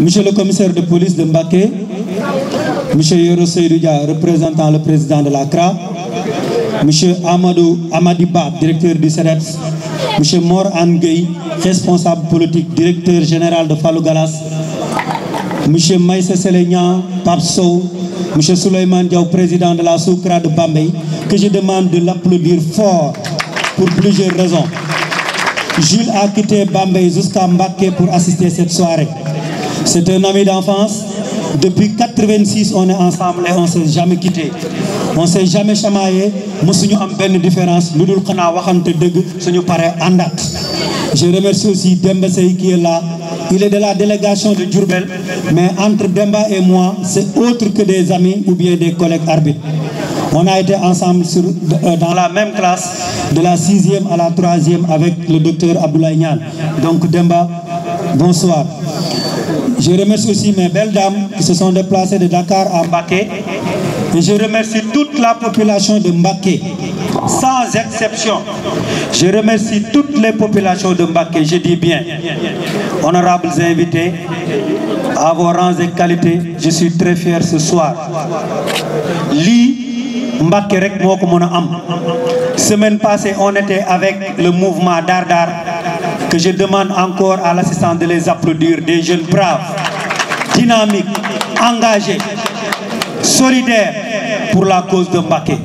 Monsieur le commissaire de police de Mbaké, Monsieur Yoro Seydoudia, représentant le président de la CRA, Monsieur Amadou Amadiba, directeur du CEREPS, Monsieur Mor Angueï, responsable politique, directeur général de Fallou Galas, Monsieur Maïse Selegnan, Papso, Monsieur Souleymane Diaw, président de la SOCRA de Bambay, que je demande de l'applaudir fort pour plusieurs raisons. Jules a quitté Bambay jusqu'à Mbaké pour assister cette soirée. C'est un ami d'enfance. Depuis 86, on est ensemble et on ne s'est jamais quitté. On ne s'est jamais chamaillé. Nous avons une différence. Nous avons une Je remercie aussi Demba Sey qui est là. Il est de la délégation de Djurbel. Mais entre Demba et moi, c'est autre que des amis ou bien des collègues arbitres. On a été ensemble sur, euh, dans la même classe, de la 6e à la 3e avec le docteur Abdoulaye Nian. Donc Demba, bonsoir. Je remercie aussi mes belles qui se sont déplacées de Dakar en Mbaké. je remercie toute la population de Mbaké, sans exception. Je remercie toutes les populations de Mbaké, je dis bien. Honorables invités, à vos rangs et qualités, je suis très fier ce soir. Li Mbaké Rek Semaine passée, on était avec le mouvement Dardar. que je demande encore à l'assistance de les applaudir, des jeunes braves, dynamiques, engagés, solidaires pour la cause de Mbaké.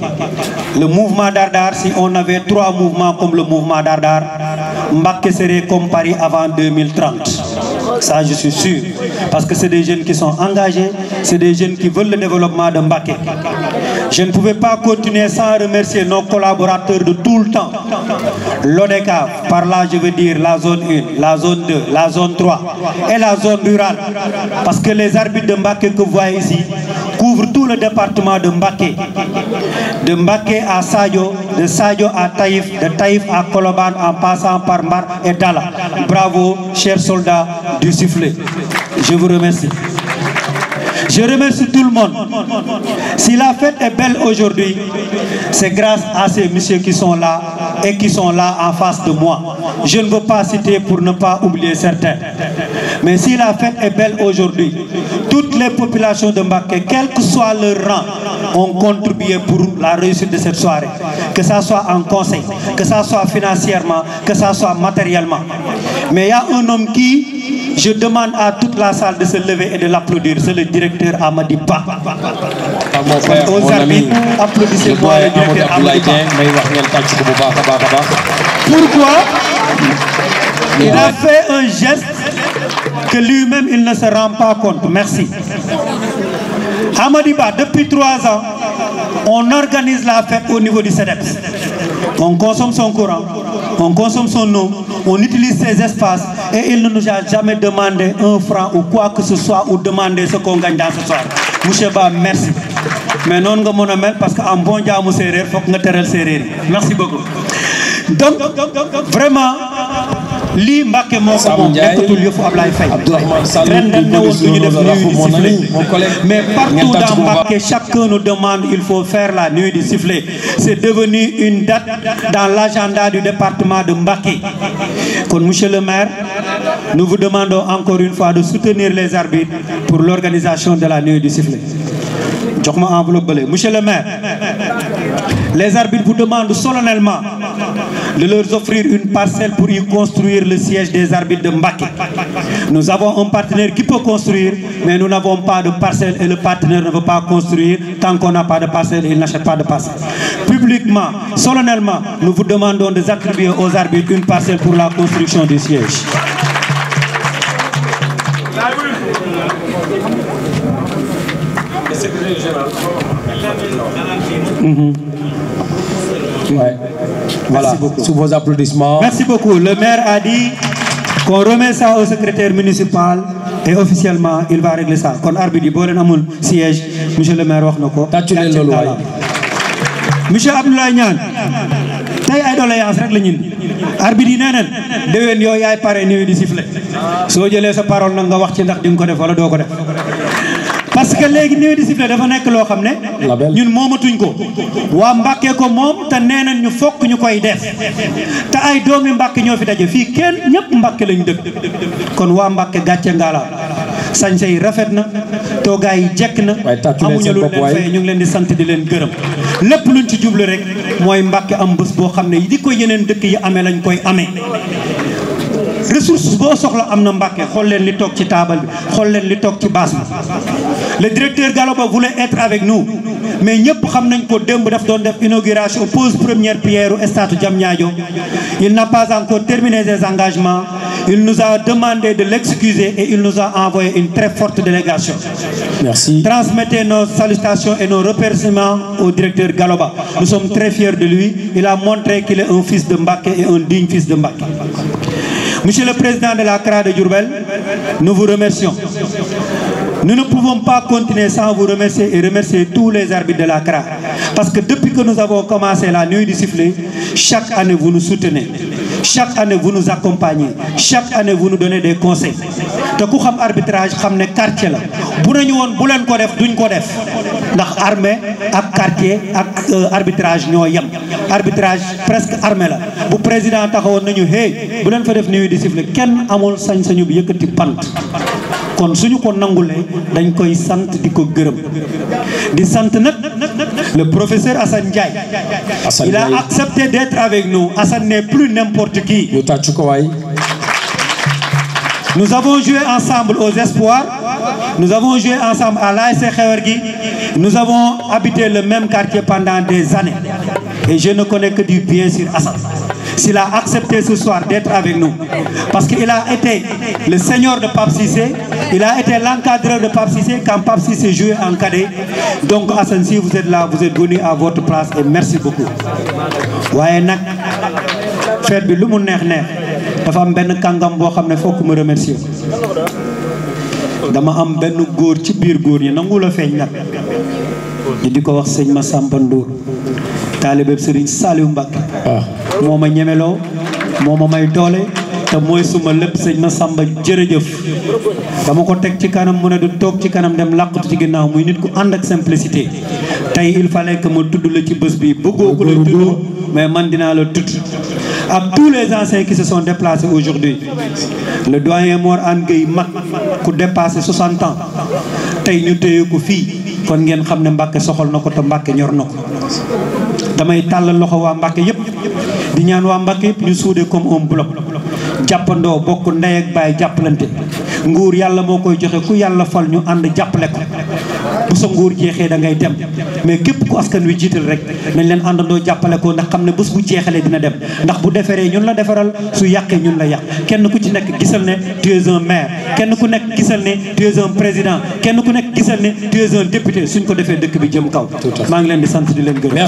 Le mouvement Dardar, si on avait trois mouvements comme le mouvement Dardar, Mbaké serait comme Paris avant 2030. Ça, je suis sûr. Parce que c'est des jeunes qui sont engagés, c'est des jeunes qui veulent le développement de Mbaké. Je ne pouvais pas continuer sans remercier nos collaborateurs de tout le temps. L'ODECA, par là je veux dire la zone 1, la zone 2, la zone 3 et la zone rurale. Parce que les arbitres de Mbaké que vous ici couvrent tout le département de Mbaké. De Mbaké à Sayo, de Sayo à Taïf, de Taïf à Koloban en passant par Mar et Dala. Bravo, chers soldats du sifflet. Je vous remercie. Je remercie tout le monde. Si la fête est belle aujourd'hui, c'est grâce à ces messieurs qui sont là et qui sont là en face de moi. Je ne veux pas citer pour ne pas oublier certains. Mais si la fête est belle aujourd'hui, toutes les populations de Mbacké, quel que soit leur rang, ont contribué pour la réussite de cette soirée. Que ça soit en conseil, que ça soit financièrement, que ça soit matériellement. Mais il y a un homme qui Je demande à toute la salle de se lever et de l'applaudir. C'est le directeur Amadi Ba. mon frère, mon ami. Applaudissez-moi le directeur Pourquoi Il a fait un geste que lui-même il ne se rend pas compte. Merci. Amadi depuis trois ans, on organise la au niveau du CEDEPS. On consomme son courant, on consomme son eau, on utilise ses espaces Et il ne nous a jamais demandé un franc ou quoi que soit ou demandé ce qu'on gagne dans ce merci. Mais non, nga mën a mel parce que am bon jaamu séeréer foog nga teral séeréer merci beaucoup donc vraiment. lii Mbacke moo ko moom nekkatul yëfu Ablaye Faye ren dañ ne woon duñu def nuyu di sifflet mais partout dans Mbacke chacun nous demande il faut faire la nuit du sifflet c'est devenu une date dans l'agenda du département de Mbacke kon monsieur le maire nous vous demandons encore une fois de soutenir les arbitres pour l'organisation de la nuit du sifflet jox ma enveloppe le maire les arbitres vous demandent solennellement de leur offrir une parcelle pour y construire le siège des arbitres de Mbacké. Nous avons un partenaire qui peut construire, mais nous n'avons pas de parcelle et le partenaire ne veut pas construire. Tant qu'on n'a pas de parcelle, il n'achète pas de parcelle. Publiquement, solennellement, nous vous demandons de attribuer aux arbitres une parcelle pour la construction du siège. Ouais. Voilà, beaucoup. sous vos applaudissements. Le maire a dit qu'on remet ça au secrétaire municipal et officiellement il va régler ça kon arbitre monsieur le maire wax na ko. tàccu leen loolu waay monsieur Abdoulaye tey ay doléance rek la ñun arbitre yi nee nañ déwén yow yaay pare nii di soo jëlee sa parole na nga wax ci ndax di nga ko def wala doo ko def. que léegi néew di sifflet dafa nekk loo xam ne ñun moomatuñ ko waa Mbàkke ko moom te nee nañ ñu fokk ñu koy def te ay doomi Mbàkke ñoo fi daje fii kenn ñëpp Mbàkke lañ dëkk kon waa Mbàkke gàcce ngala sañse yi rafet na toogaay yi jekk na amuñu lu leen fay ñu ngi leen di sant di leen gërëm lépp luñ ci jublu rek mooy Mbàkke am bés boo xam ne di ko yeneen dëkk yi amee lañ koy amee ressource boo soxla am na Mbàkke xool leen li toog ci taabal bi xool leen li toog ci baas bi le directeur Galoba voulait être avec nous mais ñëpp xam nañ ko démb def doon def inauguration pose première pierre au stade Diamniadio il n'a pas encore terminé ses engagements il nous a demandé de l'excuser et il nous a envoyé une très forte délégation merci transmettez nos salutations et nos remerciements au directeur Galoba nous sommes très fiers de lui il a montré qu'il est un fils de Mbacké et un digne fils de Mbacké monsieur le président de la CRA de Diourbel Nous ne pouvons pas continuer sans vous remercier et tous les arbitres de la CRA. Parce que depuis que nous avons commencé la nuit du sifflet, chaque année vous nous soutenez. Chaque année vous nous accompagnez. Chaque année vous nous donnez des conseils. te ku xam arbitrage xam ne quartier la bu nañu woon bu leen ko def duñ ko def ndax armée ak quartier ak euh, arbitrage ñoo yem arbitrage presque armée la bu président taxawoon nañu hey bu leen fa def niwi kenn amul sañ-sañu bi yëkkati pant kon suñu ko nangulee dañ koy sant di ko gërëm di sant nag le professeur Assane Ndiaye il a accepté d'être avec nous Assane n'est plus n'importe qui nous avons joué ensemble aux espoirs nous avons joué ensemble à l'ASC Khewergui nous avons habité le même quartier pendant des années et je ne connais du bien sur Assane s'il la accepté ce soir d'être avec nous. Parce qu'il a été le seigneur de Pape Cissé, il a été l'encadreur de Pape Cissé quand Pape Cissé jouait en cadet. Donc Assane vous êtes là, vous êtes venu à votre place et merci beaucoup. waaye nag fête bi lu mu neex neex dafa am benn kàngam boo xam ne fokk ma remercier dama am benn góor ci biir góor yi nangu la feeñ nag ñu di ko wax sëñ ma Ndour taalibe Serigne Saliou Mbacké ah. moo ma ñemeloo moo ma may doole te mooy suma lépp sëñ ma sàmba jërëjëf dama ko teg ci kanam mu ne du toog ci kanam dem làqatu ci ginnaaw muy nit ku ànd ak simplicité tey il fallait que ma tudd la ci bés bi bëggoo ko la tudd mais man dinaa la tudd ak tous les anciens qui se sont déplacés aujourd'hui le doyen Mor An Gueye mag ku dépassé 60 ans tey ñu téye ko fii kon ngeen xam ne Mbàkke soxal na ko te Mbàkke ñor na ko damay tàllal loxo waa Mbàkke yëpp di ñaan waa Mbàkke yëpp ñu suude comme un bloc jàppandoo bokk ndey ak baay jàppalante nguur yàlla moo koy joxe ku yàlla fal ñu ànd jàppale ko bu sa nguur jeexee da ngay dem mais képp ku askan wi jiital rek nañ leen àndandoo jàppale ko ndax xam ne bés bu jeexalee dina dem ndax bu deferee ñun la defaral su yàqee ñun la yàq kenn ku ci nekk gisal ne tu es un maire kenn ku nekk gisal ne tu es président kenn ku nekk gisal ne tu es un député suñ ko defee dëkk bi jëm kaw maa ngi leen di sant di leen gërëm